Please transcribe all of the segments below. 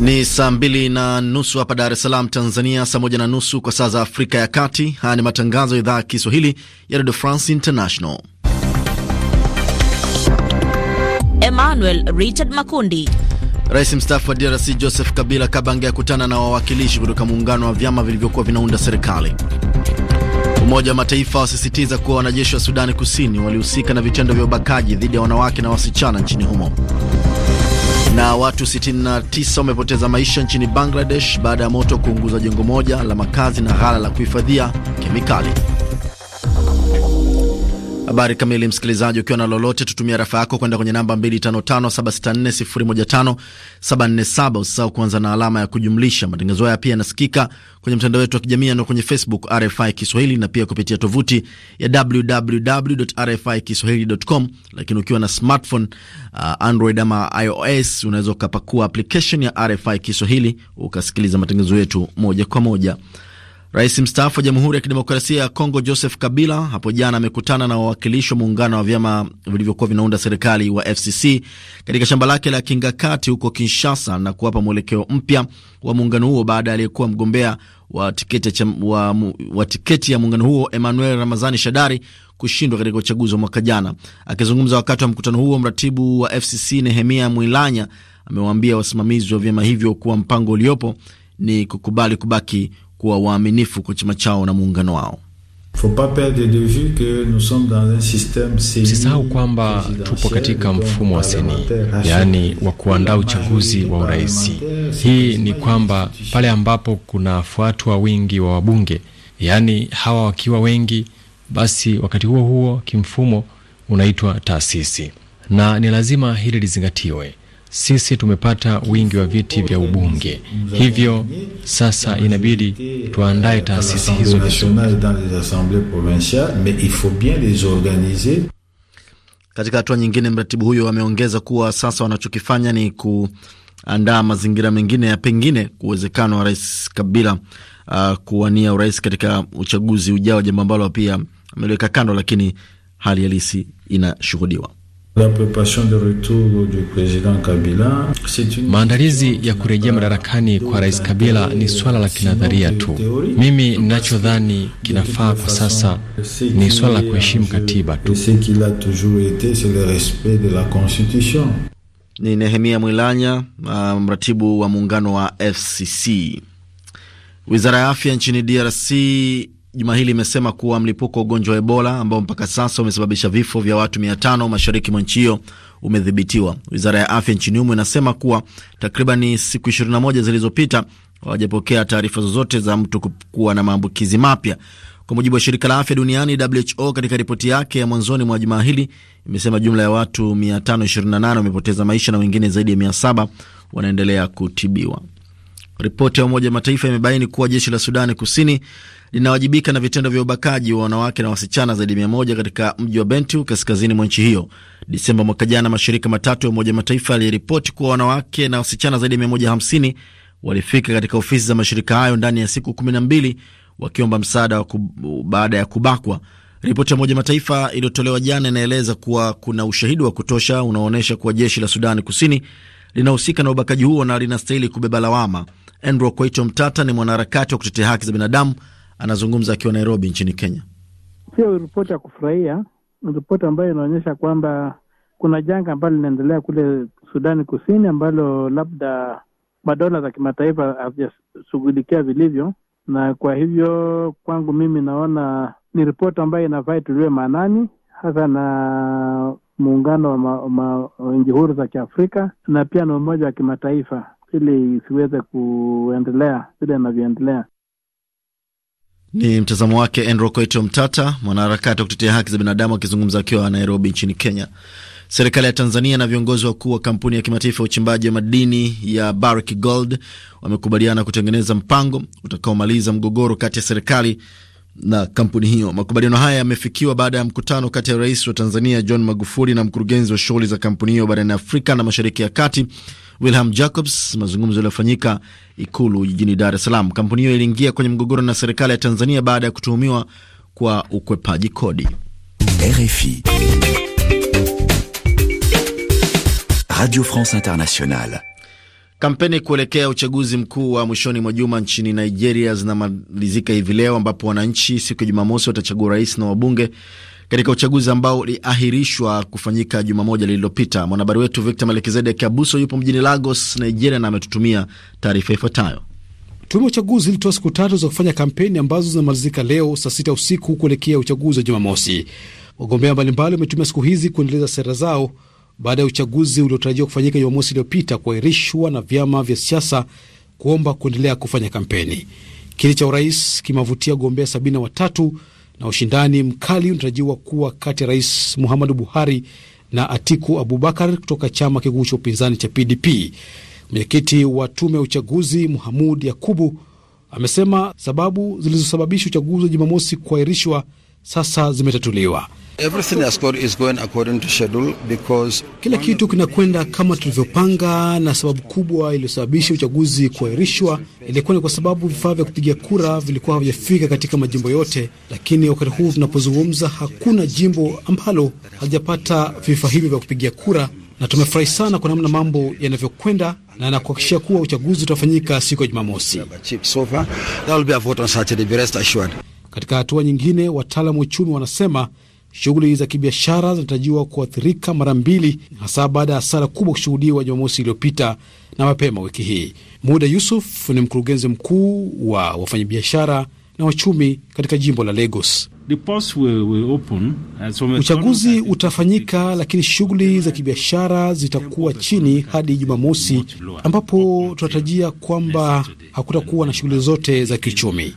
Ni saa mbili na nusu hapa Dar es Salaam, Tanzania, saa moja na nusu kwa saa za Afrika ya Kati. Haya ni matangazo ya idhaa ya Kiswahili ya redio France International. Emmanuel Richard Makundi. Rais mstaafu wa DRC Joseph Kabila Kabange akutana na wawakilishi kutoka muungano wa vyama vilivyokuwa vinaunda serikali. Umoja wa Mataifa wasisitiza kuwa wanajeshi wa Sudani Kusini walihusika na vitendo vya ubakaji dhidi ya wanawake na wasichana nchini humo. Na watu 69 wamepoteza maisha nchini Bangladesh baada ya moto kuunguza jengo moja la makazi na ghala la kuhifadhia kemikali. Habari kamili, msikilizaji, ukiwa na lolote, tutumia rafa yako kwenda kwenye namba 255764015747. Usisahau kuanza na alama ya kujumlisha. Matangazo haya pia yanasikika kwenye mtandao wetu wa kijamii na kwenye Facebook RFI Kiswahili na pia kupitia tovuti ya www.rfikiswahili.com. Lakini ukiwa na smartphone uh, Android ama iOS, unaweza ukapakua application ya RFI Kiswahili ukasikiliza matangazo yetu moja kwa moja. Rais mstaafu wa Jamhuri ya Kidemokrasia ya Kongo Joseph Kabila hapo jana amekutana na wawakilishi wa muungano wa vyama vilivyokuwa vinaunda serikali wa FCC katika shamba lake la Kingakati huko Kinshasa na kuwapa mwelekeo mpya wa muungano huo baada ya aliyekuwa mgombea wa tiketi, wa, wa tiketi ya muungano huo Emmanuel Ramazani Shadari kushindwa katika uchaguzi wa mwaka jana. Akizungumza wakati wa mkutano huo, mratibu wa FCC Nehemia Mwilanya amewaambia wasimamizi wa vyama hivyo kuwa mpango uliopo ni kukubali kubaki kuwa waaminifu kwa chama chao na muungano wao. Usisahau kwamba tupo katika mfumo wa seni, yaani wa kuandaa uchaguzi wa urais. Hii ni kwamba pale ambapo kunafuatwa wingi wa wabunge, yaani hawa wakiwa wengi, basi wakati huo huo kimfumo unaitwa taasisi, na ni lazima hili lizingatiwe sisi tumepata wingi wa viti vya ubunge, hivyo sasa inabidi tuandae taasisi hizo vizuri. Katika hatua nyingine, mratibu huyo ameongeza kuwa sasa wanachokifanya ni kuandaa mazingira mengine ya pengine uwezekano wa Rais Kabila uh, kuwania urais katika uchaguzi ujao, jambo ambalo pia ameliweka kando, lakini hali halisi inashuhudiwa. Maandalizi ya kurejea madarakani kwa Rais Kabila ni swala la kinadharia tu. Mimi ninachodhani kinafaa kwa sasa ni swala la kuheshimu katiba tu. Ni Nehemia Mwilanya, uh, mratibu wa muungano wa FCC. Wizara ya afya nchini DRC juma hili imesema kuwa mlipuko wa ugonjwa wa Ebola ambao mpaka sasa umesababisha vifo vya watu tano mashariki mwa nchi hiyo umedhibitiwa. Wizara ya afya nchini humo inasema kuwa takribani siku 21 zilizopita hawajapokea taarifa zozote za mtu kuwa na maambukizi mapya. Kwa mujibu wa shirika la afya duniani WHO, katika ripoti yake ya mwanzoni mwa jumaa hili imesema jumla ya watu 528 wamepoteza maisha na wengine zaidi ya 700 wanaendelea kutibiwa. Ripoti ya Umoja wa Mataifa imebaini kuwa jeshi la Sudani Kusini linawajibika na vitendo vya ubakaji wa wanawake na wasichana zaidi mia moja katika mji wa Bentiu kaskazini mwa nchi hiyo. Desemba mwaka jana, mashirika matatu ya Umoja Mataifa yaliripoti kuwa wanawake na wasichana zaidi ya hamsini walifika katika ofisi za mashirika hayo ndani ya siku kumi na mbili wakiomba msaada wa baada ya kubakwa. Ripoti ya Umoja Mataifa iliyotolewa jana inaeleza kuwa kuna ushahidi wa kutosha unaoonyesha kuwa jeshi la Sudani Kusini linahusika na ubakaji huo na linastahili kubeba lawama. Andrew Kwaito Mtata ni mwanaharakati wa kutetea haki za binadamu anazungumza akiwa Nairobi nchini Kenya. Sio ripoti ya kufurahia, ni ripoti ambayo inaonyesha kwamba kuna janga ambalo linaendelea kule Sudani Kusini ambalo labda madola za kimataifa havijashughulikia vilivyo, na kwa hivyo kwangu mimi naona ni ripoti ambayo inafaa ituliwe maanani hasa na muungano wa nchi huru za Kiafrika na pia na Umoja wa Kimataifa ili isiweze kuendelea vile inavyoendelea. Ni mtazamo wake Enro Koito Mtata, mwanaharakati wa kutetea haki za binadamu, akizungumza akiwa Nairobi nchini Kenya. Serikali ya Tanzania na viongozi wakuu wa kampuni ya kimataifa ya uchimbaji wa madini ya Barrick Gold wamekubaliana kutengeneza mpango utakaomaliza mgogoro kati ya serikali na kampuni hiyo. Makubaliano haya yamefikiwa baada ya mkutano kati ya rais wa Tanzania John Magufuli na mkurugenzi wa shughuli za kampuni hiyo barani Afrika na Mashariki ya Kati William Jacobs, mazungumzo yaliyofanyika Ikulu jijini Dar es Salaam. Kampuni hiyo iliingia kwenye mgogoro na serikali ya Tanzania baada ya kutuhumiwa kwa ukwepaji kodi. RFI Radio France Internationale. Kampeni kuelekea uchaguzi mkuu wa mwishoni mwa juma nchini Nigeria zinamalizika hivi leo, ambapo wananchi siku ya Jumamosi watachagua rais na wabunge katika uchaguzi ambao uliahirishwa kufanyika juma moja lililopita. Mwanahabari wetu Victor Melkizedek Abuso yupo mjini Lagos, Nigeria, na ametutumia taarifa ifuatayo. Tume ya uchaguzi ilitoa siku tatu za kufanya kampeni ambazo zinamalizika leo saa sita usiku kuelekea uchaguzi wa Jumamosi. Wagombea mbalimbali wametumia siku hizi kuendeleza sera zao baada ya uchaguzi uliotarajiwa kufanyika Jumamosi iliyopita kuahirishwa na vyama vya siasa kuomba kuendelea kufanya kampeni. Kiti cha urais kimewavutia wagombea sabini na watatu na ushindani mkali unatarajiwa kuwa kati ya Rais Muhammadu Buhari na Atiku Abubakar kutoka chama kikuu cha upinzani cha PDP. Mwenyekiti wa tume ya uchaguzi Muhamud Yakubu amesema sababu zilizosababisha uchaguzi wa Jumamosi kuahirishwa sasa zimetatuliwa. Everything is going according to schedule because... kila kitu kinakwenda kama tulivyopanga, na sababu kubwa iliyosababisha uchaguzi kuahirishwa ilikuwa ni kwa sababu vifaa vya kupiga kura vilikuwa havijafika katika majimbo yote, lakini wakati huu tunapozungumza, hakuna jimbo ambalo halijapata vifaa hivyo vya kupigia kura, na tumefurahi sana kwa namna mambo yanavyokwenda na nakuhakikishia kuwa uchaguzi utafanyika siku ya Jumamosi. Katika hatua nyingine, wataalamu wa uchumi wanasema Shughuli za kibiashara zinatarajiwa kuathirika mara mbili, hasa baada ya hasara kubwa kushuhudiwa Jumamosi iliyopita na mapema wiki hii. Muda Yusuf ni mkurugenzi mkuu wa wafanyabiashara na wachumi katika jimbo la Lagos. Uchaguzi utafanyika lakini shughuli za kibiashara zitakuwa chini hadi Jumamosi, ambapo tunatarajia kwamba hakutakuwa na shughuli zote za kiuchumi.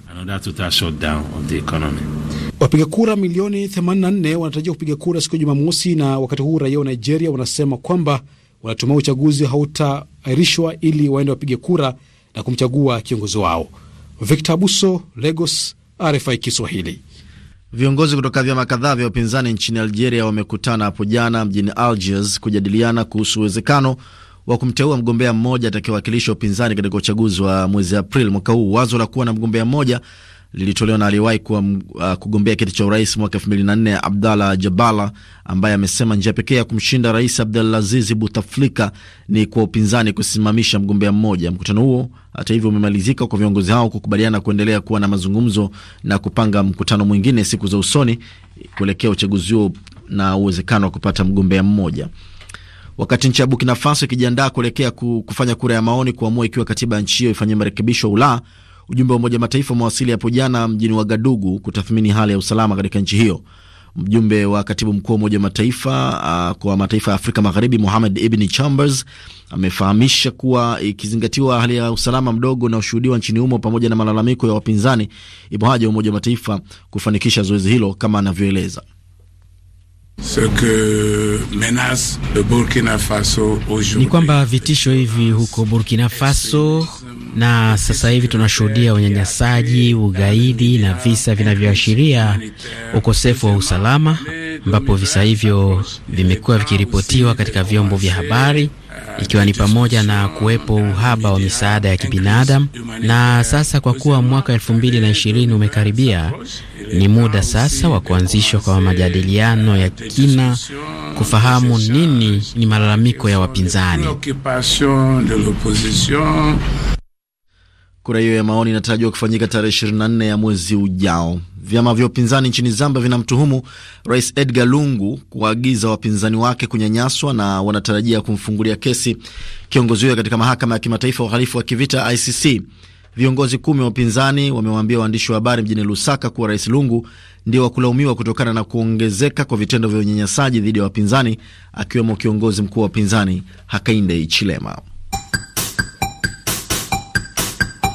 Wapiga kura milioni 84 wanatarajia kupiga kura siku ya Jumamosi, na wakati huu raia wa Nigeria wanasema kwamba wanatumai uchaguzi hautaairishwa ili waende wapige kura na kumchagua kiongozi wao. Victor Abuso, Lagos, RFI Kiswahili. Viongozi kutoka vyama kadhaa vya upinzani nchini Algeria wamekutana hapo jana mjini Algiers kujadiliana kuhusu uwezekano wa kumteua mgombea mmoja atakayewakilisha upinzani katika uchaguzi wa mwezi Aprili mwaka huu. Wazo la kuwa na mgombea mmoja lilitolewa na aliyewahi uh, kugombea kiti cha urais mwaka elfu mbili na nne Abdalla Jabala, ambaye amesema njia pekee ya kumshinda Rais Abdelaziz Butaflika ni kwa upinzani kusimamisha mgombea mmoja. Mkutano huo hata hivyo umemalizika kwa viongozi hao kukubaliana kuendelea kuwa na mazungumzo na kupanga mkutano mwingine siku za usoni kuelekea uchaguzi huo na uwezekano wa kupata mgombea mmoja. Wakati nchi ya Burkina Faso ikijiandaa kuelekea kufanya kura ya maoni kuamua ikiwa katiba ya nchi hiyo ifanyie marekebisho ulaa Ujumbe wa Umoja Mataifa umewasili hapo jana mjini Wagadugu kutathmini hali ya usalama katika nchi hiyo. Mjumbe wa katibu mkuu wa Umoja Mataifa uh, kwa mataifa ya Afrika Magharibi Mohamed Ibn Chambers amefahamisha kuwa ikizingatiwa hali ya usalama mdogo unaoshuhudiwa nchini humo pamoja na malalamiko ya wapinzani, ipo haja ya Umoja Mataifa kufanikisha zoezi hilo kama anavyoeleza ni kwamba vitisho hivi huko Burkina Faso na sasa hivi tunashuhudia unyanyasaji, ugaidi na visa vinavyoashiria ukosefu wa usalama, ambapo visa hivyo vimekuwa vikiripotiwa katika vyombo vya habari ikiwa ni pamoja na kuwepo uhaba wa misaada ya kibinadamu. Na sasa kwa kuwa mwaka elfu mbili na ishirini umekaribia, ni muda sasa wa kuanzishwa kwa majadiliano ya kina kufahamu nini ni malalamiko ya wapinzani. Kura hiyo ya maoni inatarajiwa kufanyika tarehe 24 ya mwezi ujao. Vyama vya upinzani nchini Zambia vinamtuhumu Rais Edgar Lungu kuwaagiza wapinzani wake kunyanyaswa na wanatarajia kumfungulia kesi kiongozi huyo katika mahakama ya kimataifa ya uhalifu wa kivita ICC. Viongozi kumi wa upinzani wamewaambia waandishi wa habari mjini Lusaka kuwa Rais Lungu ndio wa kulaumiwa kutokana na kuongezeka kwa vitendo vya unyanyasaji dhidi ya wapinzani akiwemo kiongozi mkuu wa upinzani Hakainde Hichilema.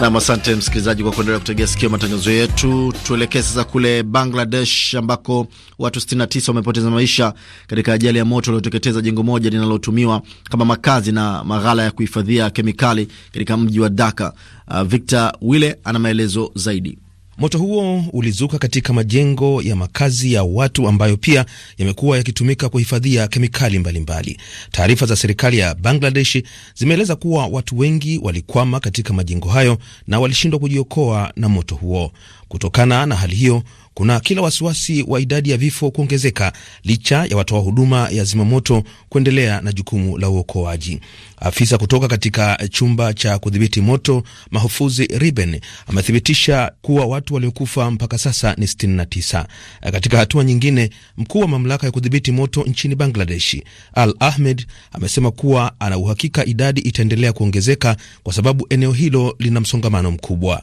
Nam, asante msikilizaji kwa kuendelea kutegea sikio matangazo yetu. Tuelekee sasa kule Bangladesh ambako watu 69 wamepoteza maisha katika ajali ya moto ulioteketeza jengo moja linalotumiwa kama makazi na maghala ya kuhifadhia kemikali katika mji wa Dhaka. Uh, Victor Wile ana maelezo zaidi. Moto huo ulizuka katika majengo ya makazi ya watu ambayo pia yamekuwa yakitumika kuhifadhia kemikali mbalimbali. Taarifa za serikali ya Bangladesh zimeeleza kuwa watu wengi walikwama katika majengo hayo na walishindwa kujiokoa na moto huo. Kutokana na hali hiyo, kuna kila wasiwasi wa idadi ya vifo kuongezeka licha ya watoa huduma ya zimamoto kuendelea na jukumu la uokoaji. Afisa kutoka katika chumba cha kudhibiti moto Mahufuzi Riben amethibitisha kuwa watu waliokufa mpaka sasa ni 69. Katika hatua nyingine, mkuu wa mamlaka ya kudhibiti moto nchini Bangladeshi Al Ahmed amesema kuwa ana uhakika idadi itaendelea kuongezeka kwa sababu eneo hilo lina msongamano mkubwa.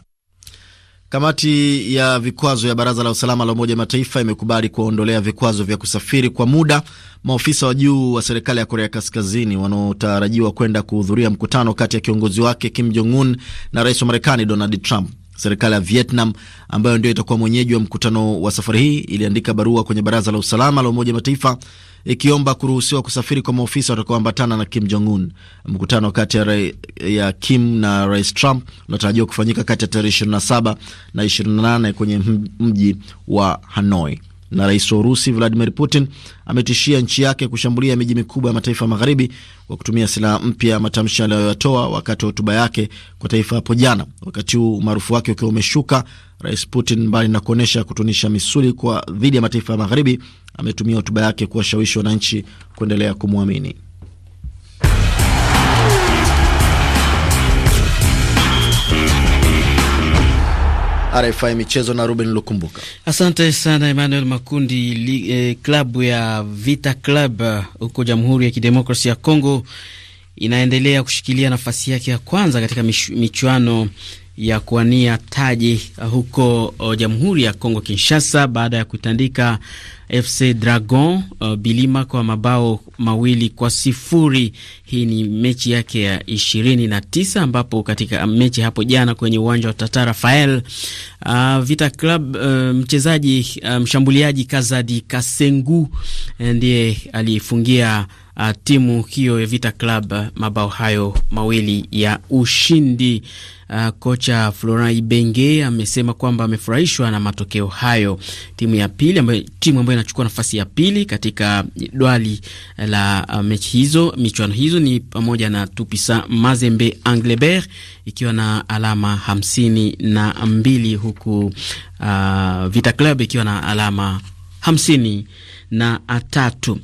Kamati ya vikwazo ya Baraza la Usalama la Umoja Mataifa imekubali kuwaondolea vikwazo vya kusafiri kwa muda maofisa wa juu wa serikali ya Korea Kaskazini wanaotarajiwa kwenda kuhudhuria mkutano kati ya kiongozi wake Kim Jong Un na rais wa Marekani Donald Trump. Serikali ya Vietnam ambayo ndio itakuwa mwenyeji wa mkutano wa safari hii iliandika barua kwenye Baraza la Usalama la Umoja Mataifa ikiomba kuruhusiwa kusafiri kwa maofisa watakaoambatana na Kim Jong Un. Mkutano kati ya, ya Kim na Rais Trump unatarajiwa kufanyika kati ya tarehe 27 na 28 kwenye mji wa Hanoi na rais wa Urusi Vladimir Putin ametishia nchi yake kushambulia miji mikubwa ya mataifa magharibi kwa kutumia silaha mpya, matamshi aliyoyatoa wakati wa hotuba yake kwa taifa hapo jana. Wakati huu umaarufu wake ukiwa umeshuka, rais Putin, mbali na kuonyesha kutunisha misuli kwa dhidi ya mataifa ya magharibi, ametumia hotuba yake kuwashawishi wananchi kuendelea kumwamini. RFI michezo na Ruben Lukumbuka. Asante sana Emmanuel Makundi. Li, eh, klabu ya Vita Club eh, huko Jamhuri ya Kidemokrasia ya Kongo inaendelea kushikilia nafasi yake ya kwanza katika michuano ya kuwania taji uh, huko uh, Jamhuri ya Kongo Kinshasa baada ya kutandika FC Dragon uh, Bilima kwa mabao mawili kwa sifuri. Hii ni mechi yake ya ishirini na tisa ambapo katika um, mechi hapo jana kwenye uwanja wa Tata Rafael uh, Vita Club uh, mchezaji uh, mshambuliaji Kazadi Kasengu uh, ndiye alifungia uh, timu hiyo ya Vita Club uh, mabao hayo mawili ya ushindi. Uh, kocha Florent Ibenge amesema kwamba amefurahishwa na matokeo hayo. Timu ya pili ambayo, timu ambayo inachukua nafasi ya pili katika jedwali uh, la uh, mechi hizo michuano hizo ni pamoja na Tupisa Mazembe Anglebert ikiwa na alama hamsini na mbili huku uh, Vita Club ikiwa na alama hamsini na tatu.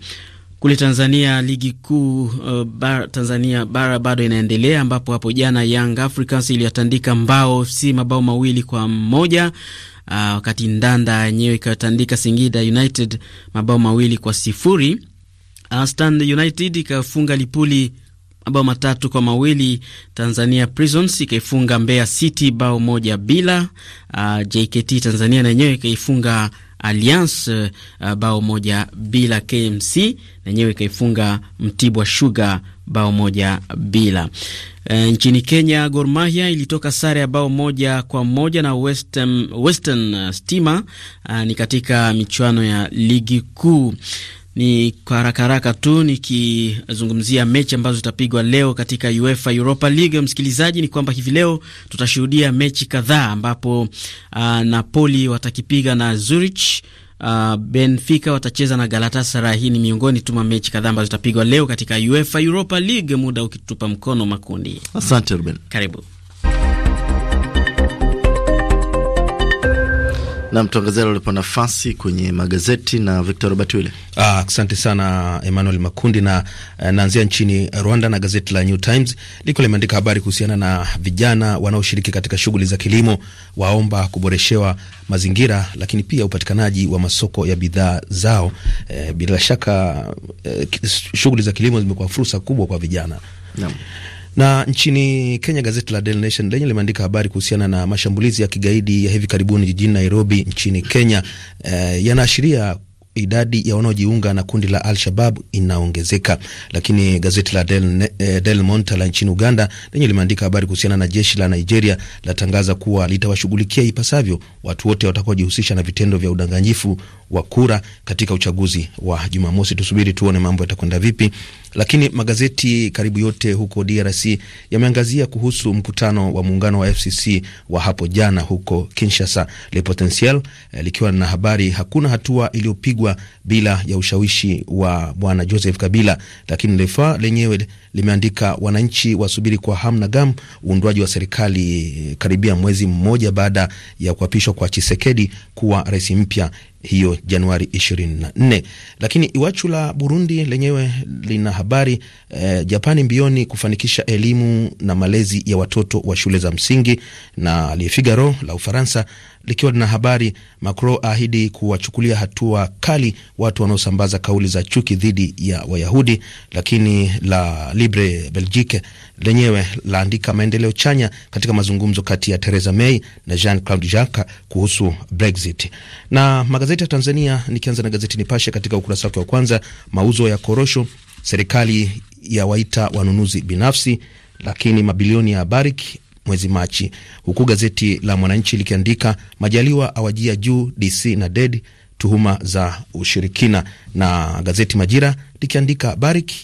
Kule Tanzania, ligi kuu uh, bar, Tanzania bara bado inaendelea ambapo hapo jana Young Africans iliyotandika mbao si mabao mawili kwa moja uh, wakati uh, Ndanda yenyewe ikatandika Singida United mabao mawili kwa sifuri. Uh, Stand United ikafunga Lipuli mabao matatu kwa mawili. Tanzania Prisons ikaifunga Mbeya City bao moja bila. Uh, JKT Tanzania na yenyewe ikaifunga Alliance uh, bao moja bila. KMC nenyewe ikaifunga Mtibwa Sugar bao moja bila. E, nchini Kenya Gor Mahia ilitoka sare ya bao moja kwa moja na Western, Western Stima uh, ni katika michuano ya ligi kuu. Ni kwa haraka haraka tu nikizungumzia mechi ambazo zitapigwa leo katika UEFA Europa League. Msikilizaji, ni kwamba hivi leo tutashuhudia mechi kadhaa ambapo uh, Napoli watakipiga na Zurich. Uh, Benfica watacheza na Galatasaray. Hii ni miongoni tu mwa mechi kadhaa ambazo zitapigwa leo katika UEFA Europa League, muda ukitupa mkono makundi. Asante Ruben. Karibu. na mtuangazia ulipo nafasi kwenye magazeti na Victor Robert Wile. Ah, asante sana Emmanuel Makundi, na eh, naanzia nchini Rwanda na gazeti la New Times liko limeandika habari kuhusiana na vijana wanaoshiriki katika shughuli za kilimo waomba kuboreshewa mazingira, lakini pia upatikanaji wa masoko ya bidhaa zao. E, bila shaka e, shughuli za kilimo zimekuwa fursa kubwa kwa vijana Naam. Na nchini Kenya, gazeti la Daily Nation lenye limeandika habari kuhusiana na mashambulizi ya kigaidi ya hivi karibuni jijini Nairobi nchini Kenya, eh, yanaashiria idadi ya wanaojiunga na kundi la Al-Shabab inaongezeka. Lakini gazeti la Del, eh, Del Monta la nchini Uganda lenye limeandika habari kuhusiana na jeshi la Nigeria latangaza kuwa litawashughulikia ipasavyo watu wote watakaojihusisha na vitendo vya udanganyifu wa kura katika uchaguzi wa Jumamosi. Tusubiri tuone mambo yatakwenda vipi, lakini magazeti karibu yote huko DRC yameangazia kuhusu mkutano wa muungano wa FCC wa hapo jana huko Kinshasa. Le Potentiel eh, likiwa na habari hakuna hatua iliyopigwa bila ya ushawishi wa bwana Joseph Kabila, lakini lefa lenyewe limeandika wananchi wasubiri kwa hamu na gamu uundwaji wa serikali eh, karibia mwezi mmoja baada ya kuapishwa kwa Chisekedi kuwa rais mpya hiyo Januari 24. Lakini Iwachu la Burundi lenyewe lina habari eh, Japani mbioni kufanikisha elimu na malezi ya watoto wa shule za msingi, na aliyefigaro la Ufaransa likiwa lina habari Macron ahidi kuwachukulia hatua kali watu wanaosambaza kauli za chuki dhidi ya Wayahudi, lakini la Libre Belgique lenyewe laandika maendeleo chanya katika mazungumzo kati ya Theresa May na Jean Claude Juncker kuhusu Brexit. Na magazeti ya Tanzania, nikianza na gazeti Nipashe, katika ukurasa wake wa kwanza, mauzo ya korosho, serikali yawaita wanunuzi binafsi, lakini mabilioni ya Barrick mwezi Machi, huku gazeti la Mwananchi likiandika Majaliwa awajia juu DC na dedi tuhuma za ushirikina, na gazeti Majira likiandika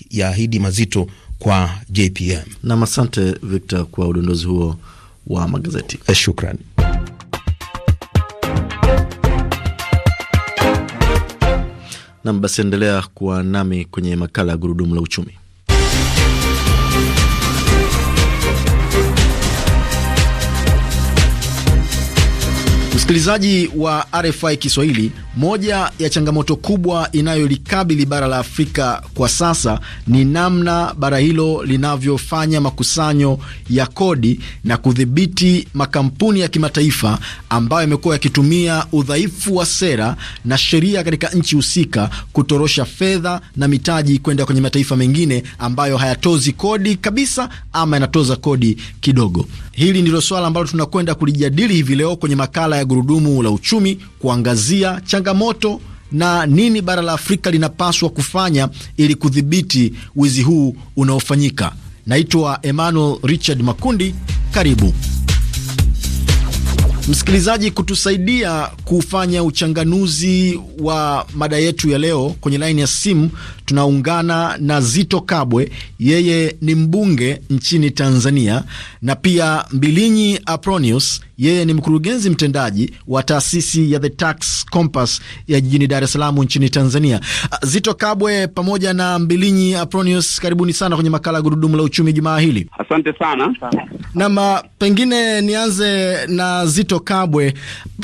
ya ahidi mazito kwa JPM. Nam, asante Victor kwa udondozi huo wa magazeti. E, eh, shukrani. Nam, basi endelea kuwa nami kwenye makala ya gurudumu la uchumi. Msikilizaji wa RFI Kiswahili, moja ya changamoto kubwa inayolikabili bara la Afrika kwa sasa ni namna bara hilo linavyofanya makusanyo ya kodi na kudhibiti makampuni ya kimataifa ambayo yamekuwa yakitumia udhaifu wa sera na sheria katika nchi husika kutorosha fedha na mitaji kwenda kwenye mataifa mengine ambayo hayatozi kodi kabisa ama yanatoza kodi kidogo. Hili ndilo swala ambalo tunakwenda kulijadili hivi leo kwenye makala ya Gurudumu la Uchumi, kuangazia changamoto na nini bara la Afrika linapaswa kufanya ili kudhibiti wizi huu unaofanyika. Naitwa Emmanuel Richard Makundi. Karibu msikilizaji, kutusaidia kufanya uchanganuzi wa mada yetu ya leo kwenye laini ya simu tunaungana na Zito Kabwe, yeye ni mbunge nchini Tanzania, na pia Mbilinyi Apronius, yeye ni mkurugenzi mtendaji wa taasisi ya The Tax Compass ya jijini Dar es Salaam nchini Tanzania. Zito Kabwe pamoja na Mbilinyi Apronius, karibuni sana kwenye makala ya Gurudumu la Uchumi jumaa hili. Asante sana. nam. Uh, pengine nianze na Zito Kabwe,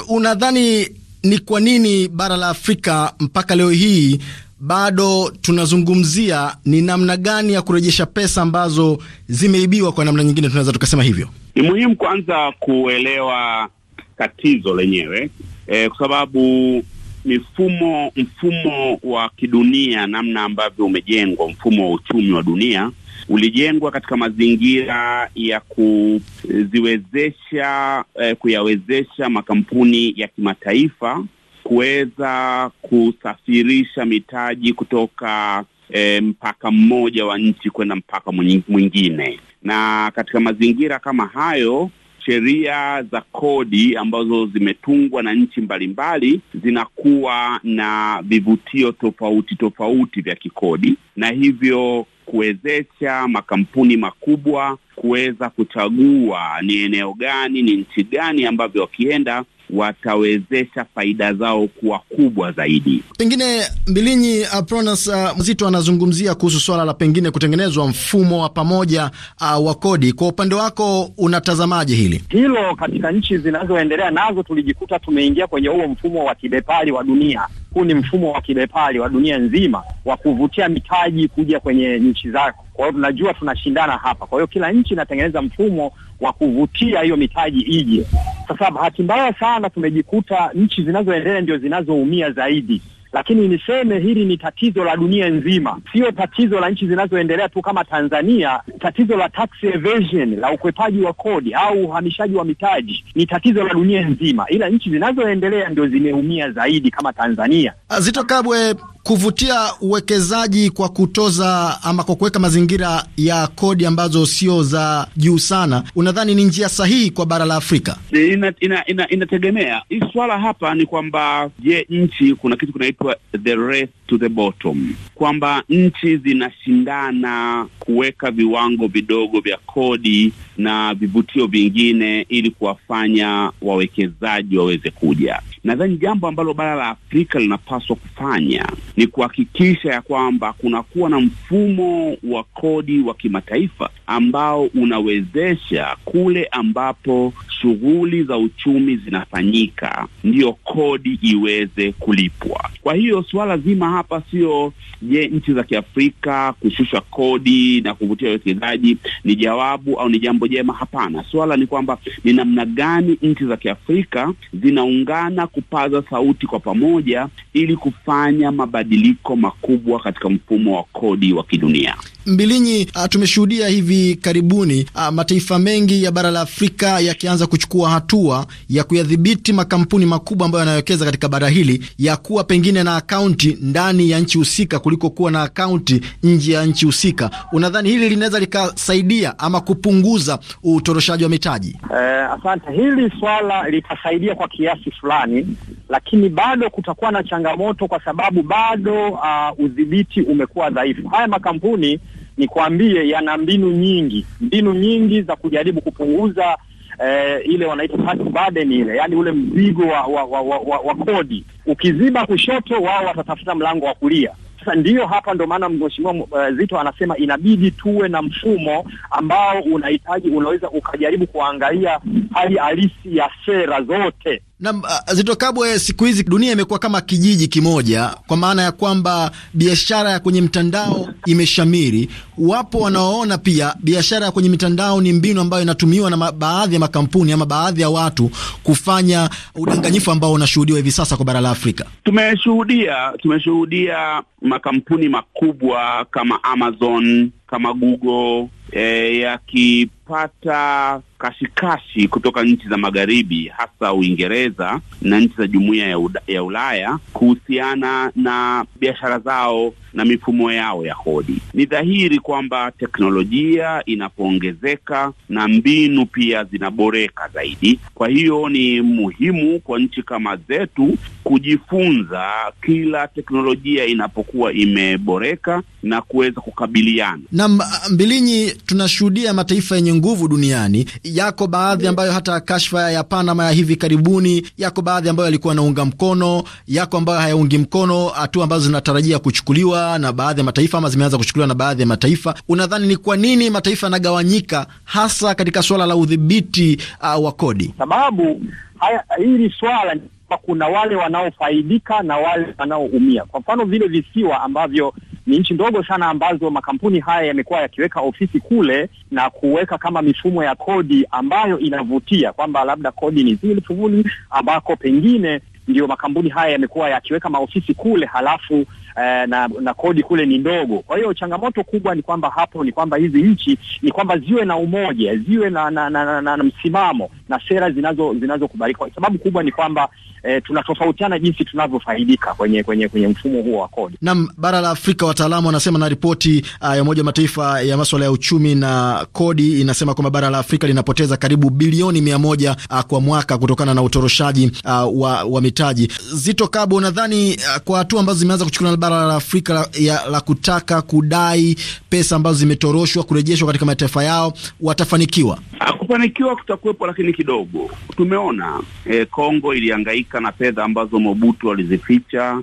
unadhani ni kwa nini bara la Afrika mpaka leo hii bado tunazungumzia ni namna gani ya kurejesha pesa ambazo zimeibiwa kwa namna nyingine, tunaweza tukasema hivyo. Ni muhimu kwanza kuelewa tatizo lenyewe e, kwa sababu mifumo mfumo wa kidunia, namna ambavyo umejengwa mfumo wa uchumi wa dunia ulijengwa katika mazingira ya kuziwezesha eh, kuyawezesha makampuni ya kimataifa kuweza kusafirisha mitaji kutoka e, mpaka mmoja wa nchi kwenda mpaka mwingine. Na katika mazingira kama hayo, sheria za kodi ambazo zimetungwa na nchi mbalimbali zinakuwa na vivutio tofauti tofauti vya kikodi, na hivyo kuwezesha makampuni makubwa kuweza kuchagua ni eneo gani, ni nchi gani ambavyo wakienda watawezesha faida zao kuwa kubwa zaidi. Pengine Mbilinyi Apronas uh, Mzito anazungumzia kuhusu swala la pengine kutengenezwa mfumo wa pamoja uh, wa kodi. Kwa upande wako unatazamaje hili hilo? Katika nchi zinazoendelea nazo tulijikuta tumeingia kwenye huo mfumo wa kibepari wa dunia huu ni mfumo wa kibepari wa dunia nzima wa kuvutia mitaji kuja kwenye nchi zako. Kwa hiyo tunajua tunashindana hapa, kwa hiyo kila nchi inatengeneza mfumo wa kuvutia hiyo mitaji ije. Sasa bahati mbaya sana tumejikuta nchi zinazoendelea ndio zinazoumia zaidi lakini niseme hili ni tatizo la dunia nzima, sio tatizo la nchi zinazoendelea tu kama Tanzania. Tatizo la tax evasion, la ukwepaji wa kodi au uhamishaji wa mitaji ni tatizo la dunia nzima, ila nchi zinazoendelea ndio zimeumia zaidi kama Tanzania. Zito Kabwe kuvutia uwekezaji kwa kutoza ama kwa kuweka mazingira ya kodi ambazo sio za juu sana, unadhani ni njia sahihi kwa bara la Afrika? Inategemea ina, ina, ina hii swala hapa ni kwamba je, nchi kuna kitu kinaitwa the race to the bottom, kwamba nchi zinashindana kuweka viwango vidogo vya kodi na vivutio vingine ili kuwafanya wawekezaji waweze kuja. Nadhani jambo ambalo bara la Afrika linapaswa kufanya ni kuhakikisha ya kwamba kunakuwa na mfumo wa kodi wa kimataifa ambao unawezesha kule ambapo shughuli za uchumi zinafanyika ndiyo kodi iweze kulipwa. Kwa hiyo suala zima hapa sio je, nchi za Kiafrika kushusha kodi na kuvutia wawekezaji ni jawabu au ni jambo jema? Hapana, suala ni kwamba ni namna gani nchi za Kiafrika zinaungana kupaza sauti kwa pamoja ili kufanya mabadiliko makubwa katika mfumo wa kodi wa kidunia. Mbilinyi, ah, tumeshuhudia hivi karibuni a, ah, mataifa mengi ya bara la Afrika yakianza kuchukua hatua ya kuyadhibiti makampuni makubwa ambayo yanawekeza katika bara hili ya kuwa pengine nyingine na akaunti ndani ya nchi husika kuliko kuwa na akaunti nje ya nchi husika. Unadhani hili linaweza likasaidia ama kupunguza utoroshaji wa mitaji? Eh, asante. Hili swala litasaidia kwa kiasi fulani, lakini bado kutakuwa na changamoto kwa sababu bado uh, udhibiti umekuwa dhaifu. Haya makampuni nikwambie, yana mbinu nyingi, mbinu nyingi za kujaribu kupunguza eh, ile wanaita tax burden ile, yani ule mzigo wa, wa, wa, wa, wa, wa kodi. Ukiziba kushoto, wao watatafuta mlango wa kulia. Sasa ndiyo hapa ndo maana mheshimiwa uh, eh, Zito anasema inabidi tuwe na mfumo ambao unahitaji, unaweza ukajaribu kuangalia hali halisi ya sera zote na uh, siku hizi dunia imekuwa kama kijiji kimoja, kwa maana ya kwamba biashara ya kwenye mtandao imeshamiri. Wapo wanaoona pia biashara ya kwenye mitandao ni mbinu ambayo inatumiwa na baadhi ya makampuni ama baadhi ya watu kufanya udanganyifu ambao unashuhudiwa hivi sasa kwa bara la Afrika. Tumeshuhudia tumeshuhudia makampuni makubwa kama Amazon, kama Google eh, yakipata kashikashi kutoka nchi za magharibi hasa Uingereza na nchi za jumuiya ya, ya Ulaya kuhusiana na biashara zao na mifumo yao ya kodi. Ni dhahiri kwamba teknolojia inapoongezeka na mbinu pia zinaboreka zaidi. Kwa hiyo ni muhimu kwa nchi kama zetu kujifunza kila teknolojia inapokuwa imeboreka na kuweza kukabiliana na mbilinyi. Tunashuhudia mataifa yenye nguvu duniani, yako baadhi ambayo hata kashfa ya Panama ya hivi karibuni, yako baadhi ambayo yalikuwa yanaunga mkono, yako ambayo hayaungi mkono hatua ambazo zinatarajia kuchukuliwa na baadhi ya mataifa ama zimeanza kuchukuliwa na baadhi ya mataifa. Unadhani ni kwa nini mataifa yanagawanyika hasa katika suala la udhibiti uh, wa kodi? Sababu haya, hili swala kuna wale wanaofaidika na wale wanaoumia. Kwa mfano vile visiwa ambavyo ni nchi ndogo sana ambazo makampuni haya yamekuwa yakiweka ofisi kule na kuweka kama mifumo ya kodi ambayo inavutia kwamba labda kodi ni zile shughuli ambako pengine ndio makampuni haya yamekuwa yakiweka maofisi kule halafu eh, na, na kodi kule ni ndogo. Kwa hiyo changamoto kubwa ni kwamba hapo ni kwamba hizi nchi ni kwamba ziwe na umoja, ziwe na, na, na, na, na, na msimamo na sera zinazo zinazokubalika, kwa sababu kubwa ni kwamba e, tunatofautiana jinsi tunavyofaidika kwenye kwenye kwenye mfumo huo wa kodi. Naam, bara la Afrika wataalamu wanasema, na ripoti uh, ya Umoja wa Mataifa ya masuala ya uchumi na kodi inasema kwamba bara la Afrika linapoteza karibu bilioni mia moja uh, kwa mwaka kutokana na utoroshaji uh, wa, wa mitaji. Zito Kabo, unadhani uh, kwa hatua ambazo zimeanza kuchukuliwa na bara la Afrika la, ya, la kutaka kudai pesa ambazo zimetoroshwa kurejeshwa katika mataifa yao watafanikiwa? Kufanikiwa kutakuwepo, lakini kidogo. Tumeona e, Kongo ilihangaika na fedha ambazo Mobutu alizificha.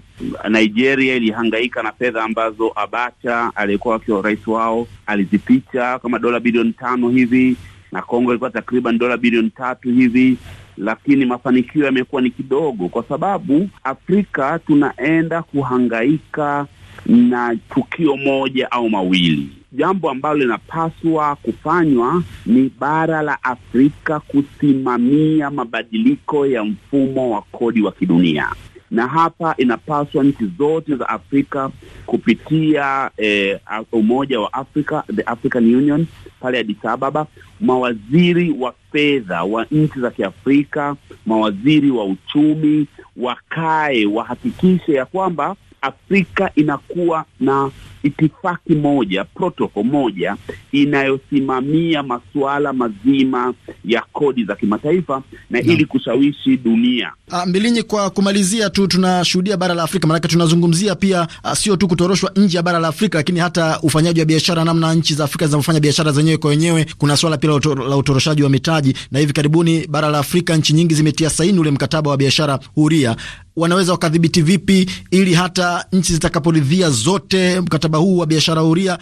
Nigeria ilihangaika na fedha ambazo Abacha aliyekuwa akiwa rais wao alizificha kama dola bilioni tano hivi, na Kongo ilikuwa takriban dola bilioni tatu hivi lakini mafanikio yamekuwa ni kidogo, kwa sababu Afrika tunaenda kuhangaika na tukio moja au mawili jambo ambalo linapaswa kufanywa ni bara la Afrika kusimamia mabadiliko ya mfumo wa kodi wa kidunia na hapa inapaswa nchi zote za Afrika kupitia eh, Umoja wa Afrika, the African Union pale Addis Ababa, mawaziri wa fedha wa nchi za Kiafrika, mawaziri wa uchumi wakae, wahakikishe ya kwamba Afrika inakuwa na itifaki moja, protoko moja inayosimamia masuala mazima ya kodi za kimataifa na no. ili kushawishi dunia. Ah, Mbilinyi, kwa kumalizia tu, tunashuhudia bara la Afrika, maanake tunazungumzia pia ah, sio tu kutoroshwa nje ya bara la Afrika, lakini hata ufanyaji wa biashara, namna nchi za Afrika zinavyofanya biashara zenyewe kwa wenyewe. Kuna swala pia la utoroshaji wa mitaji, na hivi karibuni bara la Afrika nchi nyingi zimetia saini ule mkataba wa biashara huria wanaweza wakadhibiti vipi ili hata nchi zitakaporidhia zote mkataba huu wa biashara huria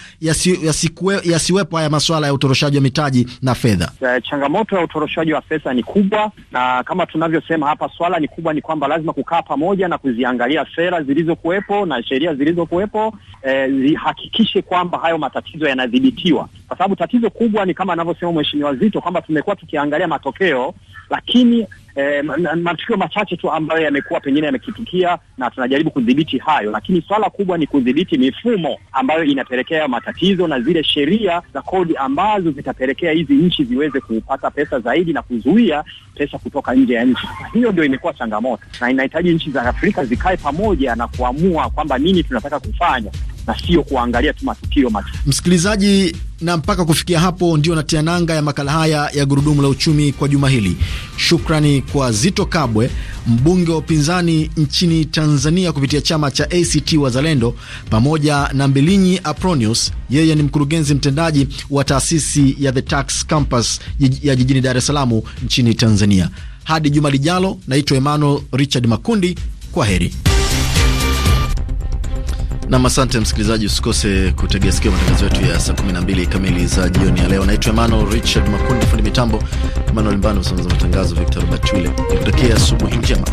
yasiwepo haya masuala ya utoroshaji wa mitaji na fedha? E, changamoto ya utoroshaji wa pesa ni kubwa, na kama tunavyosema hapa, swala ni kubwa, ni kwamba lazima kukaa pamoja na kuziangalia sera zilizokuwepo na sheria zilizokuwepo, e, zihakikishe kwamba hayo matatizo yanadhibitiwa, kwa sababu tatizo kubwa ni kama anavyosema Mheshimiwa Zito kwamba tumekuwa tukiangalia matokeo lakini eh, matukio machache tu ambayo yamekuwa pengine yamekitukia na tunajaribu kudhibiti hayo, lakini swala kubwa ni kudhibiti mifumo ambayo inapelekea matatizo na zile sheria za kodi ambazo zitapelekea hizi nchi ziweze kupata pesa zaidi na kuzuia pesa kutoka nje ya nchi. Hiyo ndio imekuwa changamoto na inahitaji nchi za Afrika zikae pamoja na kuamua kwamba nini tunataka kufanya na sio kuangalia tu matukio matu. Msikilizaji, na mpaka kufikia hapo ndio natia nanga ya makala haya ya gurudumu la uchumi kwa juma hili. Shukrani kwa Zito Kabwe, mbunge wa upinzani nchini Tanzania kupitia chama cha ACT Wazalendo, pamoja na Mbilinyi Apronius, yeye ni mkurugenzi mtendaji wa taasisi ya The Tax Campus ya jijini Dar es Salaam nchini Tanzania. Hadi juma lijalo, naitwa Emmanuel Richard Makundi. Kwa heri. Nam, asante msikilizaji, usikose kutegea sikio matangazo yetu ya saa 12 kamili za jioni ya leo. Naitwa Emmanuel Richard Makundi, fundi mitambo Emmanuel Mbano, msimamizi wa matangazo Victor Robert Wile, nikutakia asubuhi njema.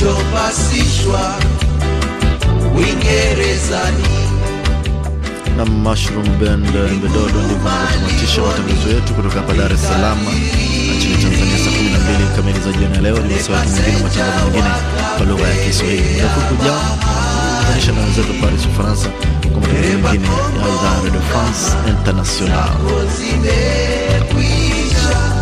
kilichopasishwa Uingerezani. Na Mushroom Band eh, Mbedodo ndivyo wanavyotamatisha matangazo yetu kutoka hapa Dar es Salaam nchini Tanzania, saa 12 kamili za jioni ya leo. Ni wasiwatu mwingine, matangazo mengine kwa lugha ya Kiswahili nakukujao kuunganisha na wenzetu Paris, Ufaransa, kwa matangazo mengine ya idhaa Radio France International.